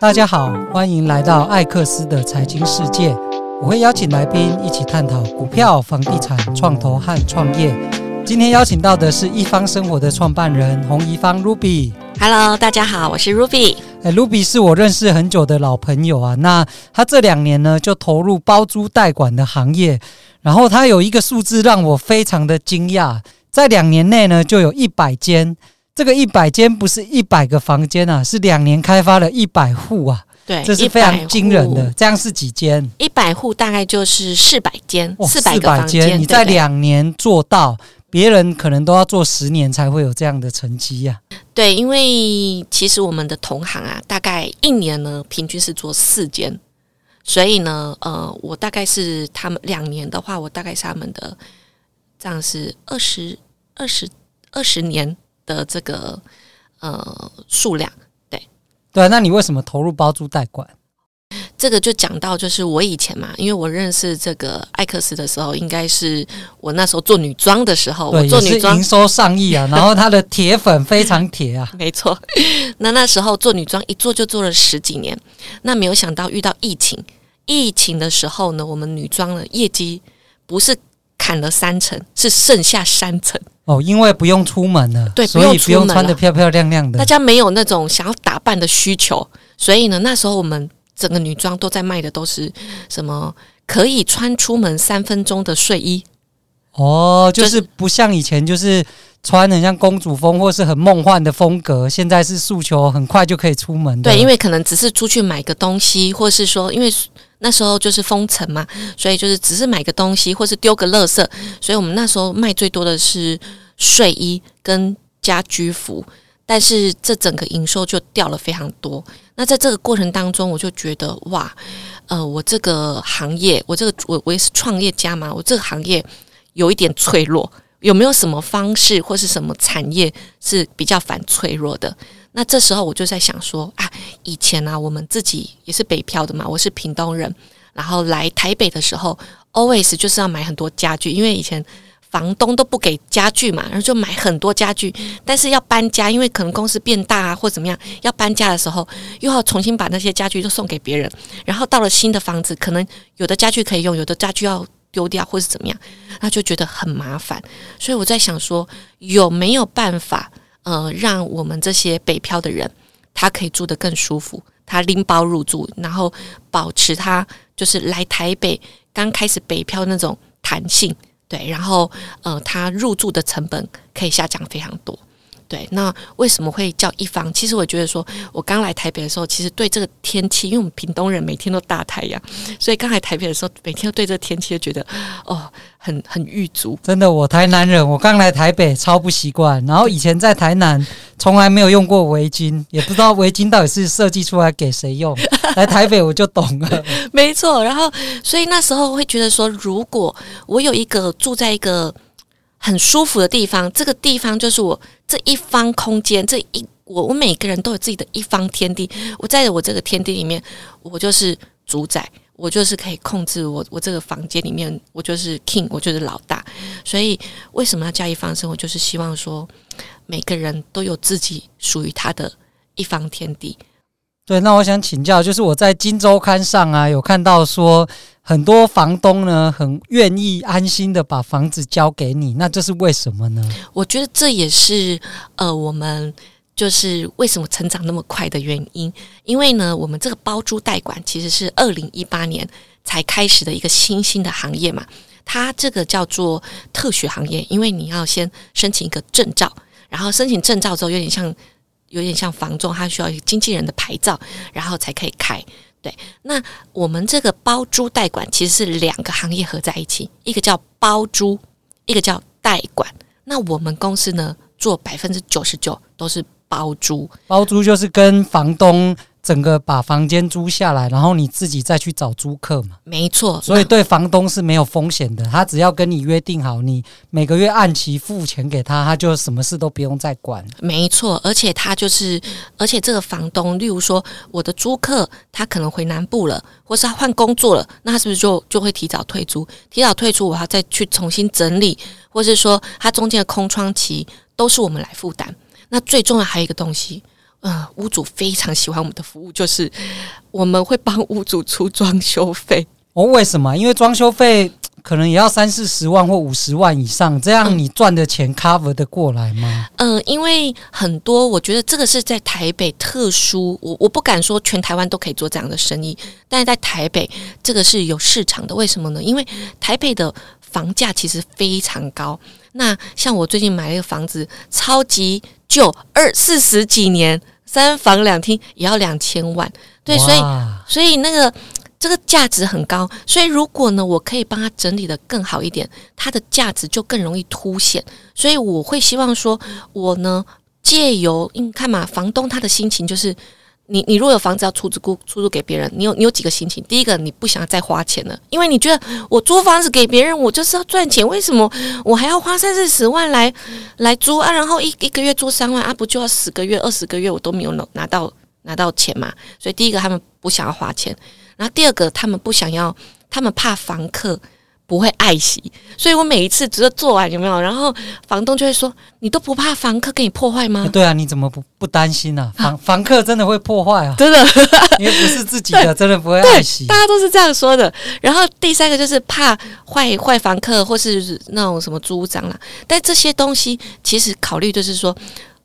大家好，歡迎來到艾克斯的財經世界。我會邀請來賓一起探討股票、房地產、創投和創業。今天邀請到的是一方生活的創辦人洪怡芳 Ruby。Hello，大家好，我是 Ruby。欸，Ruby 是我認識很久的老朋友啊。那他這兩年呢，就投入包租代管的行業，然後他有一個數字讓我非常的驚訝，在兩年內呢，就有一百間。這個一百間不是一百個房間啊，是兩年開發了一百戶啊，對，這是非常驚人的。一百戶，這樣是幾間？一百戶大概就是四百間，四百、哦、四百個房間。你在兩年做到，別人可能都要做十年才會有這樣的成績呀、啊。對，因為其實我們的同行啊，大概一年呢平均是做四間，所以呢，呃，我大概是他們兩年的話，我大概是他們的這樣是二十二十二十年。的這個呃數量，對對，那你為什麼投入包租代管？這個就講到就是我以前嘛，因為我認識這個艾克斯的時候，應該是我那時候做女裝的時候，對我做女裝營收上億啊，然後他的鐵粉非常鐵啊， 沒錯錯。 那那時候做女裝一做就做了十幾年，那沒有想到遇到疫情，疫情的時候呢，我們女裝的業績不是砍了三成，是剩下三成。哦，因為不用出門了，對，所以不用，不用穿得漂漂亮亮的。大家沒有那種想要打扮的需求，所以呢，那時候我們整個女裝都在賣的都是什麼可以穿出門三分鐘的睡衣。哦，就是不像以前，就是穿得很像公主風或是很夢幻的風格。現在是訴求很快就可以出門的，對，因為可能只是出去買個東西，或是說，因為那時候就是封城嘛，所以就是只是買個東西或是丟個垃圾。所以我們那時候賣最多的是睡衣跟家居服，但是這整個營收就掉了非常多。那在這個過程當中，我就覺得哇，呃，我這個行業，我這個我我也是創業家嘛，我這個行業。有一點脆弱，有沒有什麼方式或是什麼產業是比較反脆弱的？那這時候我就在想說啊，以前啊，我們自己也是北漂的嘛，我是屏東人，然後來台北的時候，always 就是要買很多家具，因為以前房東都不給家具嘛，然後就買很多家具。但是要搬家，因為可能公司變大啊，或怎麼樣，要搬家的時候，又要重新把那些家具都送給別人。然後到了新的房子，可能有的家具可以用，有的家具要。丟掉或是怎麼樣，那就覺得很麻煩，所以我在想說，有沒有辦法呃，讓我們這些北漂的人，他可以住得更舒服，他拎包入住，然後保持他就是來台北剛開始北漂那種彈性，對，然後呃，他入住的成本可以下降非常多。對，那為什麼會叫一方？其實我覺得說，我剛來台北的時候，其實對這個天氣，因為我們屏東人每天都大太陽，所以剛來台北的時候，每天都對這個天氣就覺得哦，很很鬱卒。真的，我台南人，我剛來台北超不習慣，然後以前在台南從來沒有用過圍巾，也不知道圍巾到底是設計出來給誰用。來台北我就懂了， 沒錯。然後，所以那時候會覺得說，如果我有一個住在一個。很舒服的地方，這個地方就是我這一方空間，這一我我每個人都有自己的一方天地。我在我這個天地裡面，我就是主宰，我就是可以控制我我這個房間裡面，我就是 king，我就是老大。所以為什麼要叫一方生活？就是希望說每個人都有自己屬於他的一方天地。對，那我想請教，就是我在《鏡週刊》上啊，有看到說很多房東呢，很願意安心的把房子交給你，那這是為什麼呢？我覺得這也是呃，我們就是為什麼成長那麼快的原因，因為呢，我們這個包租代管其實是二零一八年才開始的一個新興的行業嘛，它這個叫做特許行業，因為你要先申請一個證照，然後申請證照之後有點像。有點像房仲，他需要一個經紀人的牌照，然後才可以開。對，那我們這個包租代管其實是兩個行業合在一起，一個叫包租，一個叫代管。那我們公司呢，做百分之九十九都是包租，包租就是跟房東。整個把房間租下來，然後你自己再去找租客嘛。沒錯，所以對房東是沒有風險的。嗯、他只要跟你約定好，你每個月按期付錢給他，他就什麼事都不用再管。沒錯，而且他就是，而且這個房東，例如說我的租客，他可能回南部了，或是他換工作了，那他是不是就就會提早退租？提早退租，我還要再去重新整理，或是說他中間的空窗期都是我們來負擔。那最重要還有一個東西。嗯、呃，屋主非常喜歡我們的服務，就是我們會幫屋主出裝修費。我、哦、為什麼？因為裝修費可能也要三四十萬或五十萬以上，這樣你賺的錢 cover 得過來嗎？嗯、呃，因為很多，我覺得這個是在台北特殊，我我不敢說全台灣都可以做這樣的生意，但是在台北這個是有市場的。為什麼呢？因為台北的房價其實非常高。那像我最近買了一個房子，超級舊，二四十幾年。三房兩廳也要兩千萬，對，哇所以所以那個這個價值很高，所以如果呢，我可以幫他整理得更好一點，它的價值就更容易凸顯，所以我會希望說，我呢借由你看嘛，房東他的心情就是，你你如果有房子要出租出租給別人，你有你有幾個心情？第一個，你不想要再花錢了，因為你覺得我租房子給別人，我就是要賺錢，為什麼我還要花三四十萬來來租啊？然後一一個月租三萬啊，不就要十個月、二十個月我都沒有拿到拿到錢嘛。所以第一個他們不想要花錢，然後第二個他們不想要，他們怕房客。不會愛惜，所以我每一次只是做完有沒有？然後房東就會說：“你都不怕房客給你破壞嗎？”欸、對啊，你怎麼不不擔心呢、啊？房、啊、房客真的會破壞啊，真的， 因為不是自己的，真的不會愛惜。大家都是這樣說的。然後第三個就是怕壞壞房客，或是那種什麼租長啦，但這些東西其實考慮就是說，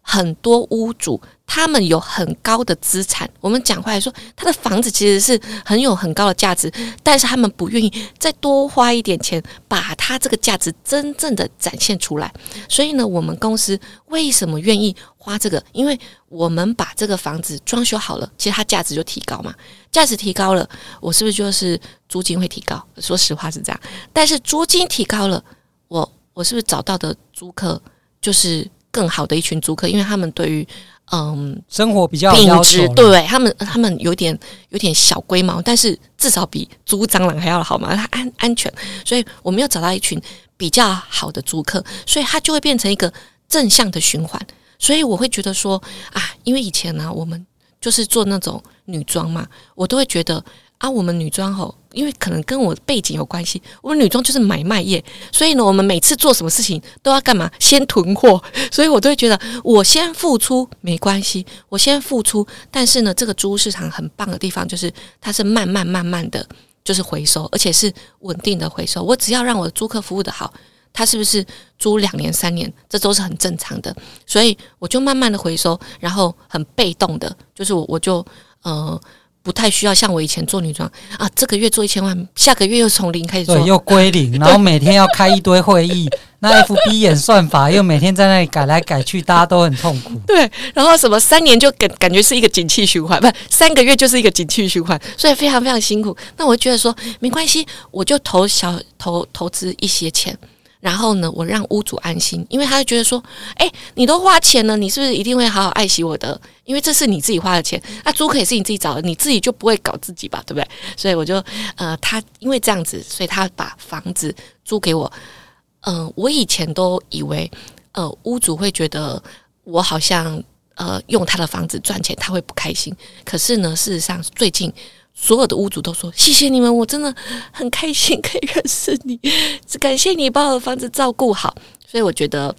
很多屋主。他們有很高的資產，我們講回來說，他的房子其實是很有很高的價值，但是他們不願意再多花一點錢，把他這個價值真正的展現出來。所以呢，我們公司為什麼願意花這個？因為我們把這個房子裝修好了，其實它價值就提高嘛，價值提高了，我是不是就是租金會提高？說實話是這樣，但是租金提高了，我我是不是找到的租客就是更好的一群租客？因為他們對於嗯，生活比較品質，對他們，他們有點有點小龜毛，但是至少比租蟑螂還要好嘛，它安安全，所以我們要找到一群比較好的租客，所以它就會變成一個正向的循環，所以我會覺得說啊，因為以前呢、啊，我們就是做那種女裝嘛，我都會覺得。啊，我們女裝好，因為可能跟我背景有關係，我們女裝就是買賣業，所以呢，我們每次做什麼事情都要幹嘛？先囤貨，所以我都會覺得我先付出沒關係，我先付出，但是呢，這個租市場很棒的地方就是它是慢慢慢慢的，就是回收，而且是穩定的回收。我只要讓我的租客服務的好，他是不是租兩年三年，這都是很正常的，所以我就慢慢的回收，然後很被動的，就是我我就嗯。呃不太需要像我以前做女裝啊，這個月做一千萬，下個月又從零開始做，對又歸零，然後每天要開一堆會議， 那 F B 演算法又每天在那裡改來改去，大家都很痛苦。對，然後什麼三年就感感覺是一個景氣循環，不三個月就是一個景氣循環，所以非常非常辛苦。那我覺得說沒關係，我就投小投投資一些錢。然後呢，我讓屋主安心，因為他就覺得說，誒，你都花錢了，你是不是一定會好好愛惜我的？因為這是你自己花的錢，那、啊、租客也是你自己找的，你自己就不會搞自己吧，對不對？所以我就，呃，他因為這樣子，所以他把房子租給我。嗯、呃，我以前都以為，呃，屋主會覺得我好像呃用他的房子賺錢，他會不開心。可是呢，事實上最近。所有的屋主都說：“謝謝你們，我真的很開心可以認識你，只感謝你把我的房子照顧好。”所以我覺得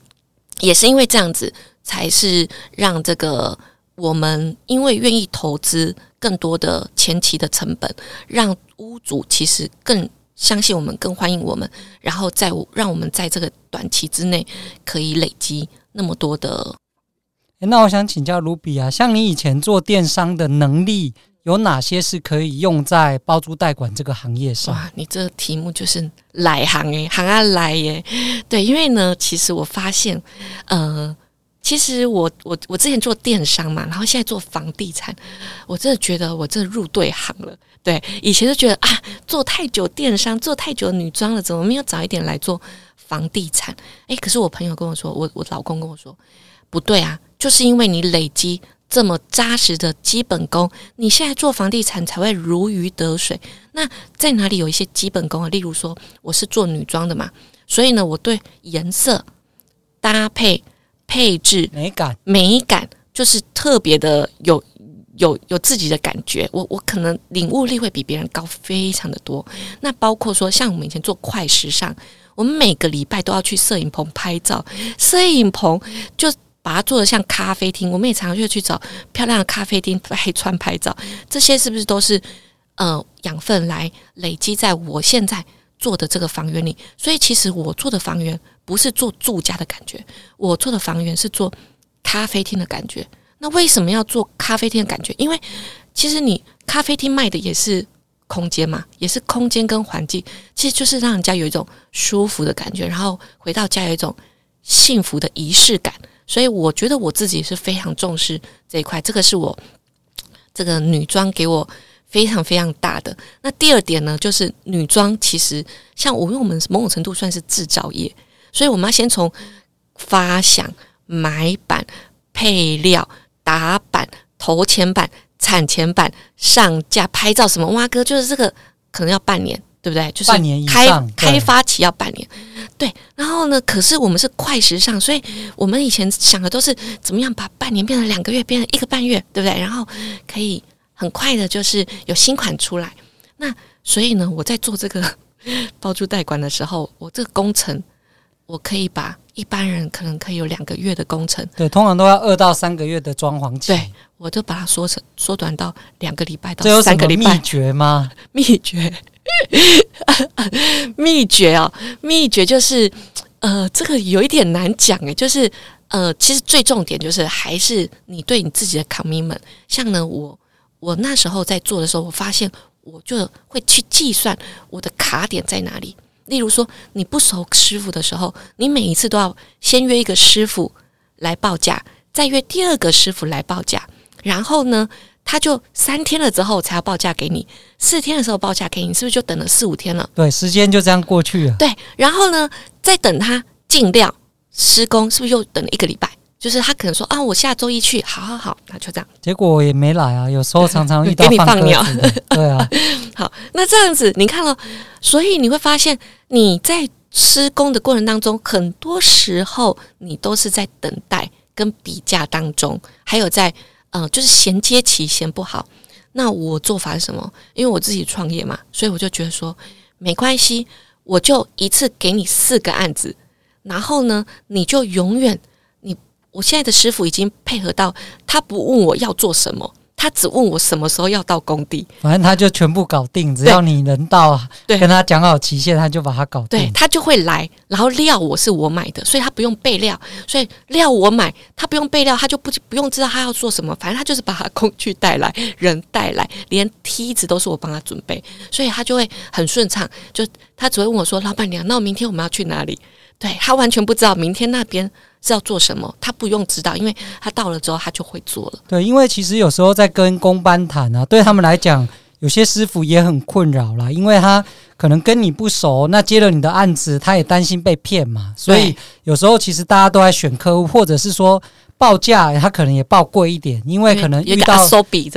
也是因為這樣子，才是讓這個我們因為願意投資更多的前期的成本，讓屋主其實更相信我們，更歡迎我們，然後再讓我們在這個短期之內可以累積那麼多的。那我想請教 Ruby 啊，像你以前做電商的能力。有哪些是可以用在包租代管這個行業上？哇，你這個題目就是來行誒，行啊來耶！對，因為呢，其實我發現，呃，其實我我我之前做電商嘛，然後現在做房地產，我真的覺得我真的入對行了。對，以前就覺得啊，做太久電商，做太久女裝了，怎麼沒有早一點來做房地產？哎、欸，可是我朋友跟我說，我我老公跟我說，不對啊，就是因為你累積。這麼扎實的基本功，你現在做房地產才會如魚得水。那在哪裡有一些基本功啊？例如說，我是做女裝的嘛，所以呢，我對顏色搭配、配置美感、美感就是特別的有有有自己的感覺。我我可能領悟力會比別人高非常的多。那包括說，像我們以前做快時尚，我們每個禮拜都要去攝影棚拍照，攝影棚就。把它做得像咖啡廳，我們也常常就去找漂亮的咖啡廳拍穿拍照，這些是不是都是呃養分來累積在我現在做的這個房源裡？所以其實我做的房源不是做住家的感覺，我做的房源是做咖啡廳的感覺。那為什麼要做咖啡廳的感覺？因為其實你咖啡廳賣的也是空間嘛，也是空間跟環境，其實就是讓人家有一種舒服的感覺，然後回到家有一種幸福的儀式感。所以我覺得我自己是非常重視這一塊，這個是我這個女裝給我非常非常大的。那第二點呢，就是女裝其實像我，因為我們某種程度算是製造業，所以我們要先從發想、買版、配料、打版、投前版、產前版、上架、拍照什麼哇哥，就是這個可能要半年。對不對？就是開半年以上開發期要半年，對，對。然後呢，可是我們是快時尚，所以我們以前想的都是怎麼樣把半年變成兩個月，變成一個半月，對不對？然後可以很快的，就是有新款出來。那所以呢，我在做這個包租代管的時候，我這個工程，我可以把一般人可能可以有兩個月的工程，對，通常都要二到三個月的裝潢期，對我就把它縮成縮短到兩個禮拜到三個禮拜。這有什麼祕訣嗎？ 祕訣。 秘訣哦，秘訣就是，呃，這個有一點難講誒。就是，呃，其實最重點就是還是你對你自己的 commitment。像呢我我那時候在做的時候，我發現我就會去計算我的卡點在哪裡，例如說你不熟師傅的時候，你每一次都要先約一個師傅來報價，再約第二個師傅來報價，然後呢。他就三天了之後才要報價給你，嗯、四天的時候報價給你，是不是就等了四五天了？對，時間就這樣過去了。對，然後呢，再等他進料施工，是不是又等了一個禮拜？就是他可能說啊，我下周一去，好好好，那就這樣。結果也沒來啊，有時候常常遇到放、 嗯、給你放鳥， 對啊。好，那這樣子，你看了、哦，所以你會發現，你在施工的過程當中，很多時候你都是在等待跟比價當中，還有在。嗯、呃，就是銜接起嫌不好，那我做法是什麼？因為我自己創業嘛，所以我就覺得說沒關係，我就一次給你四個案子，然後呢，你就永遠你我現在的師傅已經配合到，他不問我要做什麼。他只問我什麼時候要到工地，反正他就全部搞定。只要你能到啊，跟他講好期限，對他就把他搞定對，他就會來，然後料我是我買的，所以他不用備料。所以料我買，他不用備料，他就不不用知道他要做什麼。反正他就是把他工具帶來，人帶來，連梯子都是我幫他準備，所以他就會很順暢。就他只會問我說：“老闆娘，那我明天我們要去哪裡？”對，他完全不知道明天那邊是要做什麼，他不用知道，因為他到了之後他就會做了。對，因為其實有時候在跟工班談啊，對他們來講，有些師傅也很困擾啦，因為他可能跟你不熟，那接了你的案子，他也擔心被騙嘛，所以對有時候其實大家都在選客戶，或者是說。報價他可能也報貴一點，因為可能遇到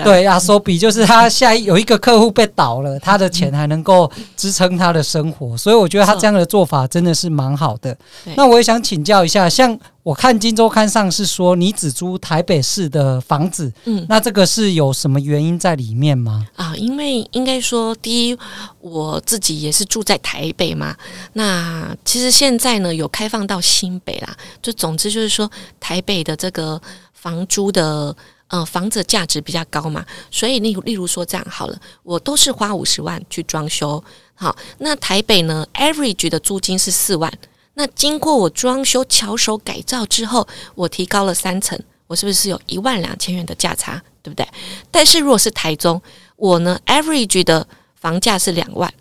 對、阿 Sobi、啊、就是他下一、嗯、有一個客戶被倒了，嗯、他的錢還能夠支撐他的生活，嗯、所以我覺得他這樣的做法真的是蠻好的。嗯、那我也想請教一下，像。我看《今周刊》上是說你只租台北市的房子，嗯，那這個是有什麼原因在裡面嗎？啊，因為應該說，第一，我自己也是住在台北嘛。那其實現在呢，有開放到新北啦。就總之就是說，台北的這個房租的，呃，房子價值比較高嘛。所以你例如說這樣好了，我都是花五十萬去裝修。好，那台北呢，average 的租金是四萬。那經過我裝修巧手改造之後，我提高了三成，我是不是有一萬兩千元的價差，對不對？但是如果是台中，我呢 average 的房價是兩萬，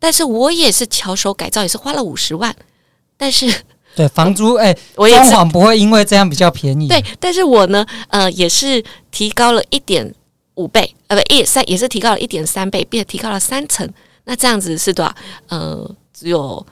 但是我也是巧手改造，也是花了五十萬，但是對房租，哎、欸，我租房不會因為這樣比較便宜，對，但是我呢，呃，也是提高了一點五倍，呃，不，一三也是提高了一點三倍，並且提高了三成，那這樣子是多少？呃，只有，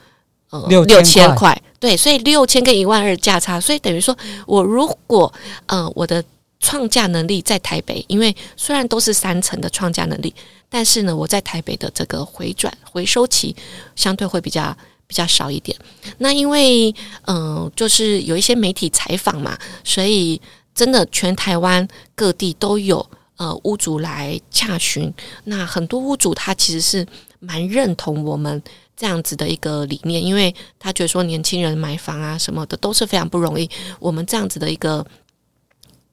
六、呃、六千塊，對，所以六千跟一萬二價差，所以等於說，我如果嗯、呃，我的創價能力在台北，因為雖然都是三層的創價能力，但是呢，我在台北的這個回轉回收期相對會比較比較少一點。那因為嗯、呃，就是有一些媒體採訪嘛，所以真的全台灣各地都有呃屋主來洽詢，那很多屋主他其實是蠻認同我們。這樣子的一個理念，因為他覺得說年輕人買房啊什麼的都是非常不容易。我們這樣子的一個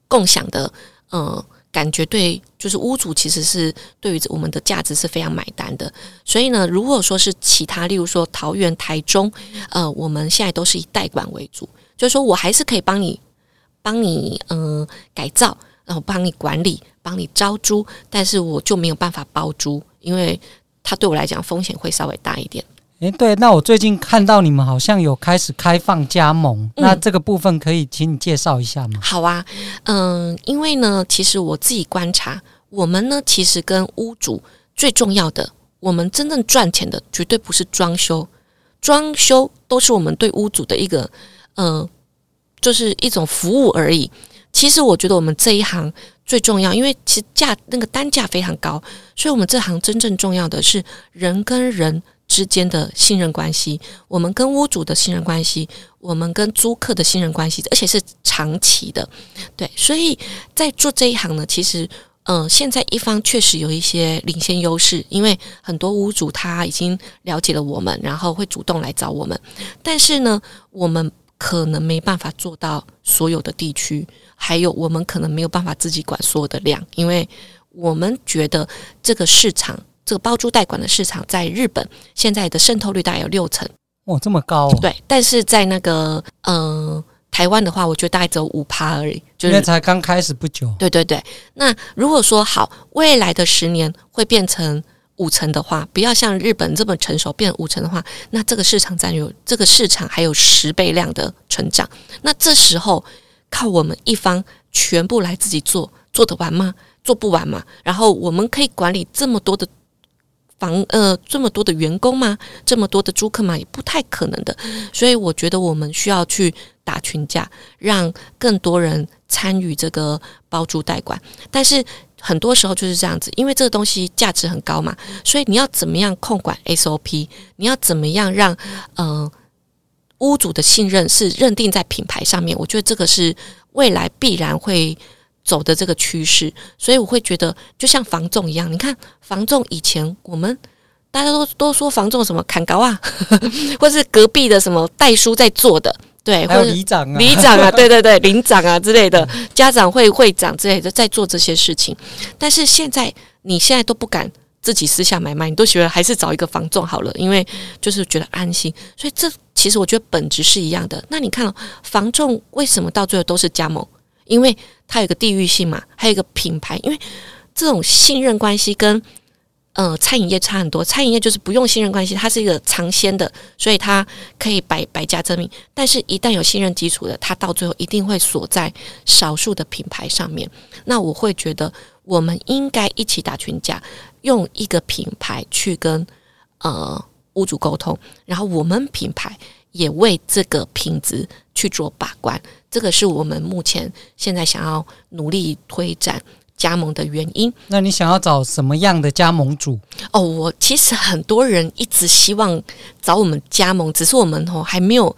共享的，呃感覺對，就是屋主其實是對於我們的價值是非常買單的。所以呢，如果說是其他，例如說桃園、台中，呃，我們現在都是以代管為主，就是說我還是可以幫你，幫你，嗯、呃，改造，然後幫你管理，幫你招租，但是我就沒有辦法包租，因為他對我來講風險會稍微大一點。誒，對，那我最近看到你們好像有開始開放加盟，嗯、那這個部分可以請你介紹一下嗎？好啊，嗯、呃，因為呢，其實我自己觀察，我們呢，其實跟屋主最重要的，我們真正賺錢的絕對不是裝修，裝修都是我們對屋主的一個，嗯、呃，就是一種服務而已。其實我覺得我們這一行最重要，因為其實價那個單價非常高，所以我們這行真正重要的是人跟人。之間的信任關係，我們跟屋主的信任關係，我們跟租客的信任關係，而且是長期的，對。所以在做這一行呢，其實，嗯、呃，現在一方確實有一些領先優勢，因為很多屋主他已經了解了我們，然後會主動來找我們。但是呢，我們可能沒辦法做到所有的地區，還有我們可能沒有辦法自己管所有的量，因為我們覺得這個市場。這個包租代管的市場在日本現在的滲透率大概有六成。哇、哦，這麼高，哦！對，但是在那個嗯、呃、台灣的話，我覺得大概只有五趴而已，就是，因為才剛開始不久。對對對，那如果說好未來的十年會變成五成的話，不要像日本這麼成熟變成五成的話，那這個市場佔有這個市場還有十倍量的成長，那這時候靠我們一方全部來自己做，做得完嗎？做不完嘛。然後我們可以管理這麼多的、房，呃，這麼多的員工嗎？這麼多的租客嗎？也不太可能的。所以我覺得我們需要去打群架，讓更多人參與這個包租代管。但是很多時候就是這樣子，因為這個東西價值很高嘛，所以你要怎麼樣控管 SOP？你要怎麼樣讓嗯，呃，屋主的信任是認定在品牌上面。我覺得這個是未來必然會。走的這個趨勢，所以我會覺得就像房仲一樣，你看房仲以前我們大家都大家都說房仲什麼砍高啊，呵呵，或是隔壁的什麼代書在做的，對，或還有里長、啊、里長啊，對對對，領 長啊之類的，家長會會長之類的在做這些事情，但是現在你現在都不敢自己私下買賣，你都覺得還是找一個房仲好了，因為就是覺得安心，所以這其實我覺得本質是一樣的。那你看、哦、房仲為什麼到最後都是加盟？因為它有個地域性嘛，還有一個品牌。因為這種信任關係跟呃餐飲業差很多，餐飲業就是不用信任關係，它是一個嘗鮮的，所以它可以百百家爭鳴。但是，一旦有信任基礎的，它到最後一定會鎖在少數的品牌上面。那我會覺得，我們應該一起打群架，用一個品牌去跟呃屋主溝通，然後我們品牌也為這個品質去做把關。這個是我們目前現在想要努力推展加盟的原因。那你想要找什麼樣的加盟主？哦，我其實很多人一直希望找我們加盟，只是我們哦還沒有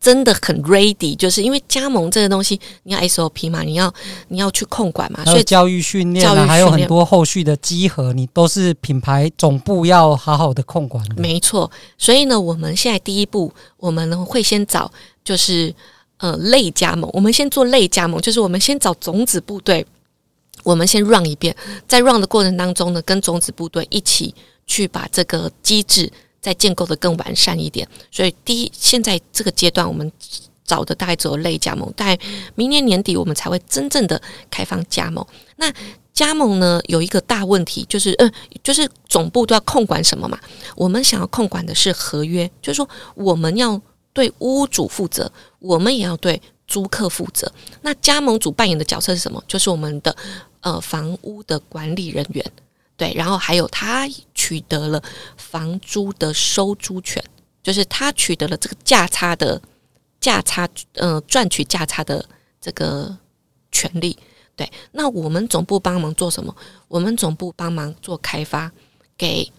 真的很 ready，就是因為加盟這個東西，你要 SOP 嘛，你要你要去控管嘛，所以教育訓練啊，練還有很多後續的集合，你都是品牌總部要好好的控管的。沒錯，所以呢，我們現在第一步我們會先找就是。呃，類加盟，我們先做類加盟，就是我們先找種子部隊，我們先 run 一遍，在 run 的過程當中呢，跟種子部隊一起去把這個機制再建構得更完善一點。所以，第一，現在這個階段，我們找的大概只有類加盟，但明年年底我們才會真正的開放加盟。那加盟呢，有一個大問題，就是嗯、呃，就是總部都要控管什麼嘛？我們想要控管的是合約，就是說我們要對屋主負責。我們也要對租客負責。那加盟主扮演的角色是什麼？就是我們的呃房屋的管理人員，對。然後還有他取得了房租的收租權，就是他取得了這個價差的價差，嗯、呃，賺取價差的這個權利。對。那我們總部幫忙做什麼？我們總部幫忙做開發，給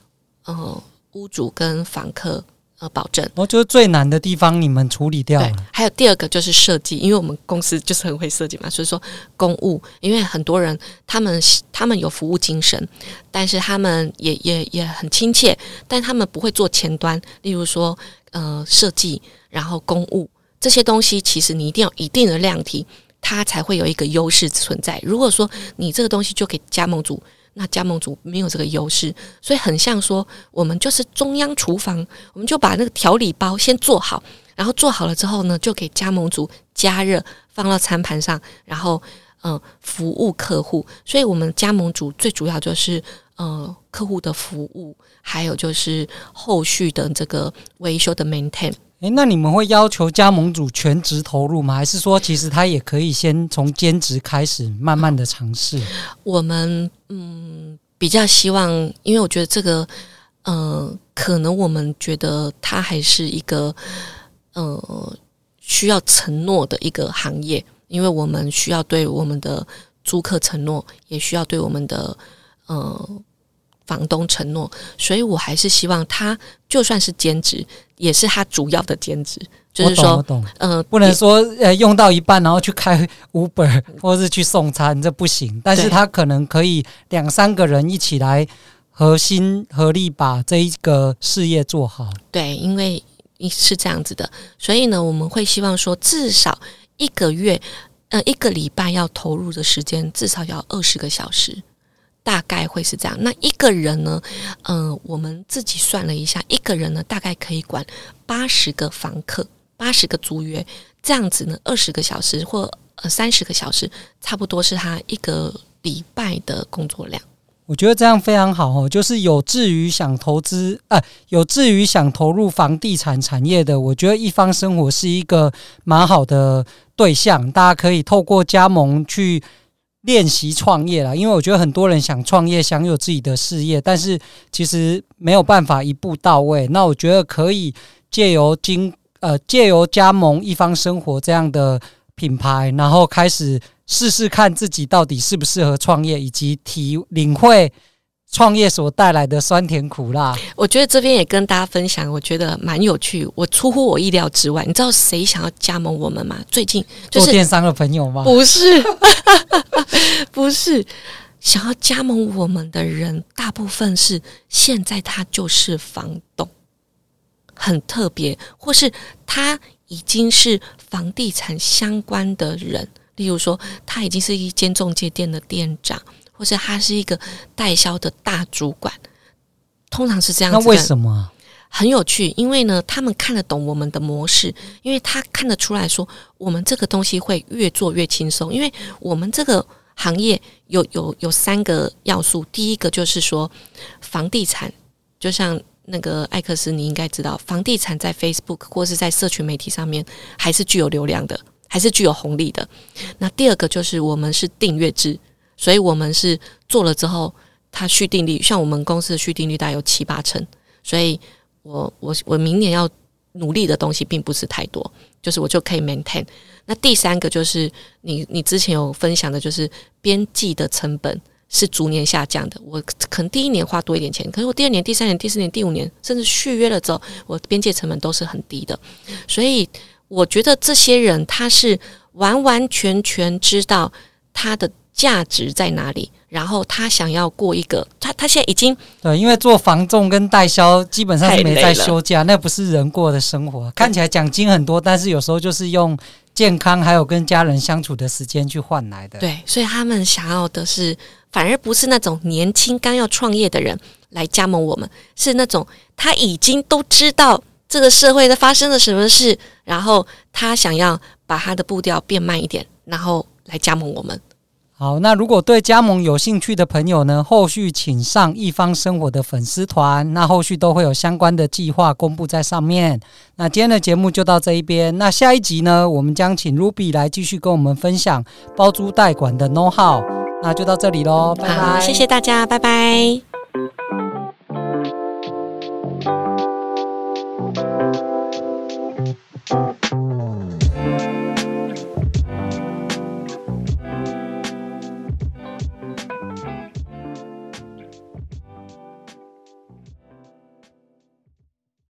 呃屋主跟房客，呃，保證。我覺得最難的地方，你們處理掉了。還有第二個就是設計，因為我們公司就是很會設計嘛，所以說公務，因為很多人他們他們有服務精神，但是他們也也也很親切，但他們不會做前端，例如說呃設計，然後公務這些東西，其實你一定要一定的量體，它才會有一個優勢存在。如果說你這個東西就可以加盟組。那加盟主沒有這個優勢，所以很像說，我們就是中央廚房，我們就把那個調理包先做好，然後做好了之後呢，就給加盟主加熱，放到餐盤上，然後嗯、呃、服務客戶。所以我們加盟主最主要就是嗯、呃客戶的服務，還有就是後續的這個維修的 maintain。欸，那你們會要求加盟主全職投入嗎？還是說其實他也可以先從兼職開始，慢慢的嘗試？嗯。我們嗯，比較希望，因為我覺得這個，呃，可能我們覺得它還是一個，呃，需要承諾的一個行業，因為我們需要對我們的租客承諾，也需要對我們的，呃。房東承諾，所以我還是希望他就算是兼職，也是他主要的兼職。就是說，呃，不能說呃用到一半，然後去開 Uber 或是去送餐，嗯、這不行。但是他可能可以兩三個人一起來，合心對合力把這一個事業做好。對，因為是這樣子的，所以呢，我們會希望說至少一個月，呃，一個禮拜要投入的時間至少要二十個小時。大概會是這樣。那一個人呢？嗯、呃，我們自己算了一下，一個人呢大概可以管八十個房客，八十個租約，這樣子呢二十個小時或呃三十個小時，差不多是他一個禮拜的工作量。我覺得這樣非常好哦，就是有志於想投資，呃，有志於想投入房地產產業的，我覺得一方生活是一個蠻好的對象，大家可以透過加盟去練習創業了，因為我覺得很多人想創業，想有自己的事業，但是其實沒有辦法一步到位。那我覺得可以借由經呃，借由加盟一方生活這樣的品牌，然後開始試試看自己到底適不適合創業，以及體領會，創業所帶來的酸甜苦辣，我覺得這邊也跟大家分享。我覺得蠻有趣，我出乎我意料之外。你知道誰想要加盟我們嗎？最近、就是、做電商的朋友嗎？不是， 不是想要加盟我們的人，大部分是現在他就是房東，很特別，或是他已經是房地產相關的人，例如說他已經是一間仲介店的店長。或者他是一個代銷的大主管，通常是這樣子。那為什麼？很有趣，因為呢，他們看得懂我們的模式，因為他看得出來說，我們這個東西會越做越輕鬆。因為我們這個行業有有有三個要素，第一個就是說房地產，就像那個艾克斯，你應該知道，房地產在 Facebook 或是在社群媒體上面還是具有流量的，還是具有紅利的。那第二個就是我們是訂閱制。所以我們是做了之後，它續訂率像我們公司的續訂率大概有七八成，所以我我我明年要努力的東西並不是太多，就是我就可以 maintain。那第三個就是你你之前有分享的，就是邊際的成本是逐年下降的。我可能第一年花多一點錢，可是我第二年、第三年、第四年、第五年，甚至續約了之後，我邊界成本都是很低的。所以我覺得這些人他是完完全全知道他的價值在哪裡？然後他想要過一個，他他現在已經，對，因為做房仲跟代銷基本上是沒在休假，那不是人過的生活。對看起來獎金很多，但是有時候就是用健康還有跟家人相處的時間去換來的。對，所以他們想要的是，反而不是那種年輕剛要創業的人來加盟我們，是那種他已經都知道這個社會在發生了什麼事，然後他想要把他的步調變慢一點，然後來加盟我們。好，那如果對加盟有興趣的朋友呢，後續請上一方生活的粉絲團，那後續都會有相關的計劃公布在上面。那今天的節目就到這一邊，那下一集呢，我們將請 Ruby 來繼續跟我們分享包租代管的 know how，那就到這裡嘍，拜拜，好，謝謝大家，拜拜。